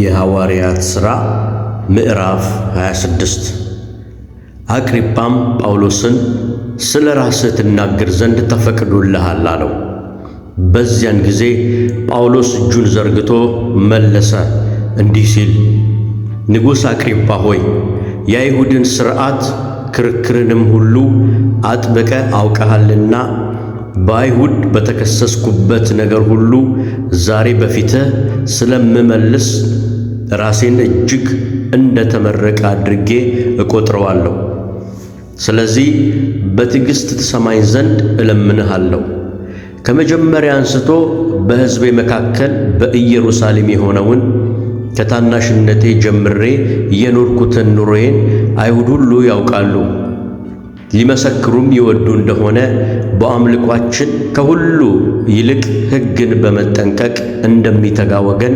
የሐዋርያት ሥራ ምዕራፍ 26 አግሪጳም ጳውሎስን ስለ ራስህ ትናገር ዘንድ ተፈቅዶልሃል አለው። በዚያን ጊዜ ጳውሎስ እጁን ዘርግቶ መለሰ እንዲህ ሲል፣ ንጉሥ አግሪጳ ሆይ የአይሁድን ሥርዓት ክርክርንም ሁሉ አጥብቀ አውቀሃልና በአይሁድ በተከሰስኩበት ነገር ሁሉ ዛሬ በፊትህ ስለምመልስ ራሴን እጅግ እንደ ተመረቀ አድርጌ እቆጥረዋለሁ። ስለዚህ በትዕግሥት ትሰማኝ ዘንድ እለምንሃለሁ። ከመጀመሪያ አንስቶ በሕዝቤ መካከል በኢየሩሳሌም የሆነውን ከታናሽነቴ ጀምሬ የኖርኩትን ኑሮዬን አይሁድ ሁሉ ያውቃሉ። ሊመሰክሩም ይወዱ እንደሆነ በአምልኳችን ከሁሉ ይልቅ ሕግን በመጠንቀቅ እንደሚተጋ ወገን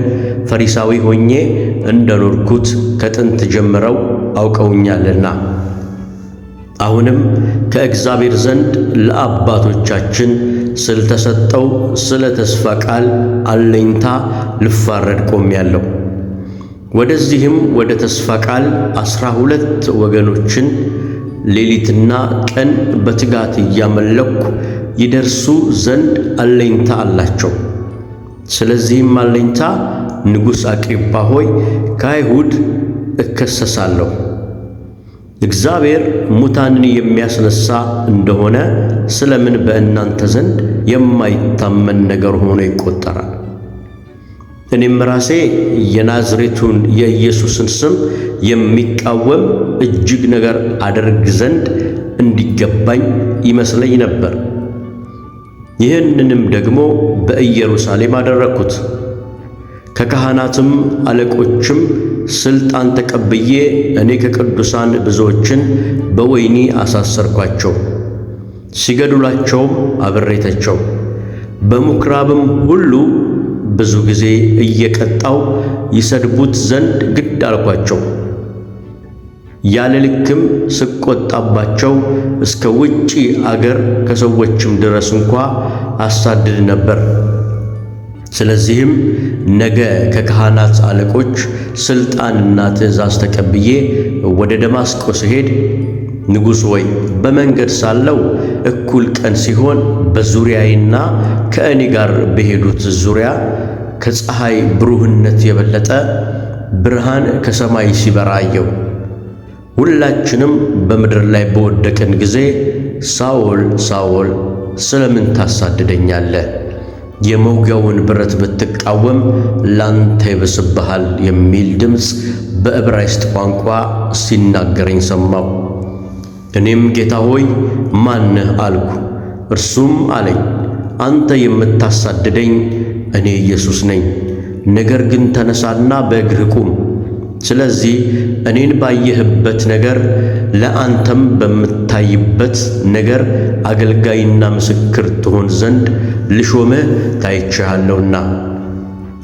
ፈሪሳዊ ሆኜ እንደኖርኩት ከጥንት ጀምረው አውቀውኛልና አሁንም ከእግዚአብሔር ዘንድ ለአባቶቻችን ስለተሰጠው ስለ ተስፋ ቃል አለኝታ ልፋረድ ቆሜያለሁ። ወደዚህም ወደ ተስፋ ቃል አስራ ሁለት ወገኖችን ሌሊትና ቀን በትጋት እያመለኩ ይደርሱ ዘንድ አለኝታ አላቸው። ስለዚህም አለኝታ ንጉሥ አቅሪጳ ሆይ ከአይሁድ እከሰሳለሁ። እግዚአብሔር ሙታንን የሚያስነሳ እንደሆነ ስለምን በእናንተ ዘንድ የማይታመን ነገር ሆኖ ይቆጠራል? እኔም ራሴ የናዝሬቱን የኢየሱስን ስም የሚቃወም እጅግ ነገር አደርግ ዘንድ እንዲገባኝ ይመስለኝ ነበር። ይህንንም ደግሞ በኢየሩሳሌም አደረግኩት። ከካህናትም አለቆችም ሥልጣን ተቀብዬ እኔ ከቅዱሳን ብዙዎችን በወይኒ አሳሰርኳቸው፣ ሲገድሏቸውም አብሬተቸው በምኵራብም ሁሉ ብዙ ጊዜ እየቀጣው ይሰድቡት ዘንድ ግድ አልኳቸው። ያለ ልክም ስቆጣባቸው እስከ ውጪ አገር ከሰዎችም ድረስ እንኳ አሳድድ ነበር። ስለዚህም ነገ ከካህናት አለቆች ስልጣንና ትእዛዝ ተቀብዬ ወደ ደማስቆ ስሄድ ንጉሥ ወይ በመንገድ ሳለው እኩል ቀን ሲሆን በዙሪያዬና ከእኔ ጋር በሄዱት ዙሪያ ከፀሐይ ብሩህነት የበለጠ ብርሃን ከሰማይ ሲበራ አየው። ሁላችንም በምድር ላይ በወደቅን ጊዜ ሳውል ሳውል ስለምን ታሳድደኛለህ? የመውጊያውን ብረት ብትቃወም ላንተ ይብስብሃል የሚል ድምፅ በዕብራይስጥ ቋንቋ ሲናገረኝ ሰማሁ። እኔም ጌታ ሆይ ማን አልኩ። እርሱም አለኝ አንተ የምታሳድደኝ እኔ ኢየሱስ ነኝ። ነገር ግን ተነሳና በእግርህ ቁም። ስለዚህ እኔን ባየህበት ነገር ለአንተም በምታይበት ነገር አገልጋይና ምስክር ትሆን ዘንድ ልሾመ ታይቼሃለሁና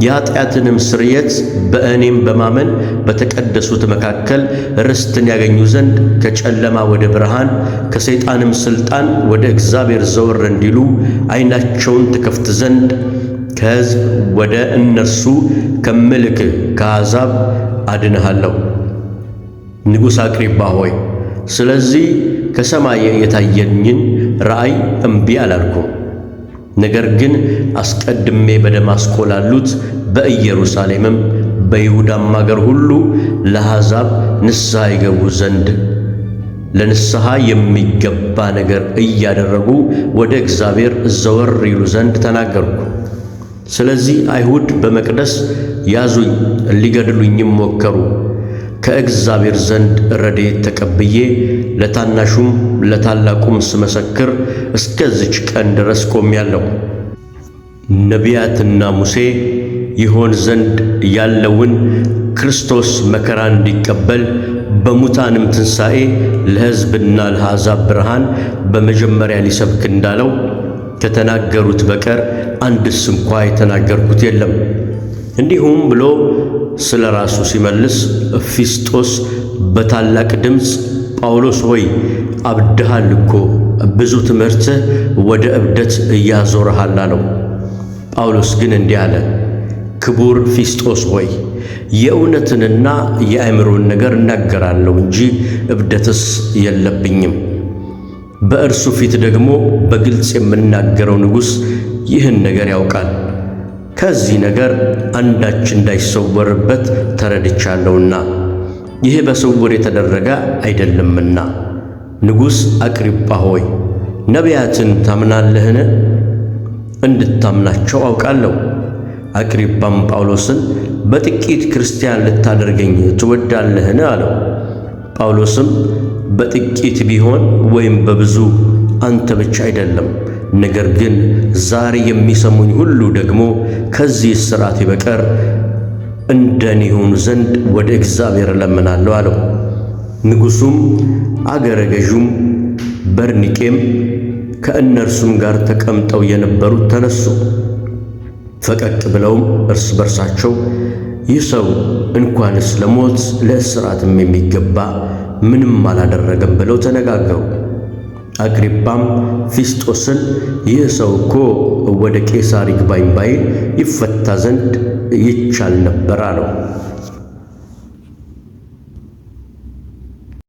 የኃጢአትንም ስርየት በእኔም በማመን በተቀደሱት መካከል ርስትን ያገኙ ዘንድ ከጨለማ ወደ ብርሃን ከሰይጣንም ስልጣን ወደ እግዚአብሔር ዘወር እንዲሉ አይናቸውን ትከፍት ዘንድ ከሕዝብ ወደ እነርሱ ከምልክ ከአሕዛብ አድንሃለሁ። ንጉሥ አቅሪባ ሆይ፣ ስለዚህ ከሰማይ የታየኝን ራእይ እምቢ አላልኩም። ነገር ግን አስቀድሜ በደማስቆ ላሉት በኢየሩሳሌምም በይሁዳም አገር ሁሉ ለአሕዛብ ንስሐ ይገቡ ዘንድ ለንስሐ የሚገባ ነገር እያደረጉ ወደ እግዚአብሔር ዘወር ይሉ ዘንድ ተናገርኩ። ስለዚህ አይሁድ በመቅደስ ያዙኝ፣ ሊገድሉኝም ሞከሩ። ከእግዚአብሔር ዘንድ ረድኤት ተቀብዬ ለታናሹም ለታላቁም ስመሰክር እስከዚች ቀን ድረስ ቆሜያለሁ። ነቢያትና ሙሴ ይሆን ዘንድ ያለውን ክርስቶስ መከራ እንዲቀበል በሙታንም ትንሣኤ ለሕዝብና ለአሕዛብ ብርሃን በመጀመሪያ ሊሰብክ እንዳለው ከተናገሩት በቀር አንድስ እንኳ የተናገርኩት የለም። እንዲሁም ብሎ ስለ ራሱ ሲመልስ ፊስጦስ በታላቅ ድምፅ ጳውሎስ ሆይ አብድሃል እኮ ብዙ ትምህርትህ ወደ እብደት እያዞረሃል አለው። ጳውሎስ ግን እንዲህ አለ፣ ክቡር ፊስጦስ ሆይ የእውነትንና የአእምሮን ነገር እናገራለሁ እንጂ እብደትስ የለብኝም። በእርሱ ፊት ደግሞ በግልጽ የምናገረው ንጉሥ ይህን ነገር ያውቃል። ከዚህ ነገር አንዳች እንዳይሰወርበት ተረድቻለሁና ይህ በስውር የተደረገ አይደለምና። ንጉሥ አቅሪጳ ሆይ ነቢያትን ታምናለህን? እንድታምናቸው አውቃለሁ። አቅሪጳም ጳውሎስን በጥቂት ክርስቲያን ልታደርገኝ ትወዳለህን? አለው። ጳውሎስም በጥቂት ቢሆን ወይም በብዙ አንተ ብቻ አይደለም ነገር ግን ዛሬ የሚሰሙኝ ሁሉ ደግሞ ከዚህ እስራቴ በቀር እንደኔ ይሆኑ ዘንድ ወደ እግዚአብሔር እለምናለሁ አለው። ንጉሡም አገረ ገዡም በርኒቄም ከእነርሱም ጋር ተቀምጠው የነበሩት ተነሱ። ፈቀቅ ብለውም እርስ በርሳቸው ይህ ሰው እንኳንስ ለሞት ለእስራትም የሚገባ ምንም አላደረገም ብለው ተነጋገሩ። አግሪጳም ፊስጦስን ይህ ሰው እኮ ወደ ቄሳር ይግባኝ ባይል ይፈታ ዘንድ ይቻል ነበር አለው።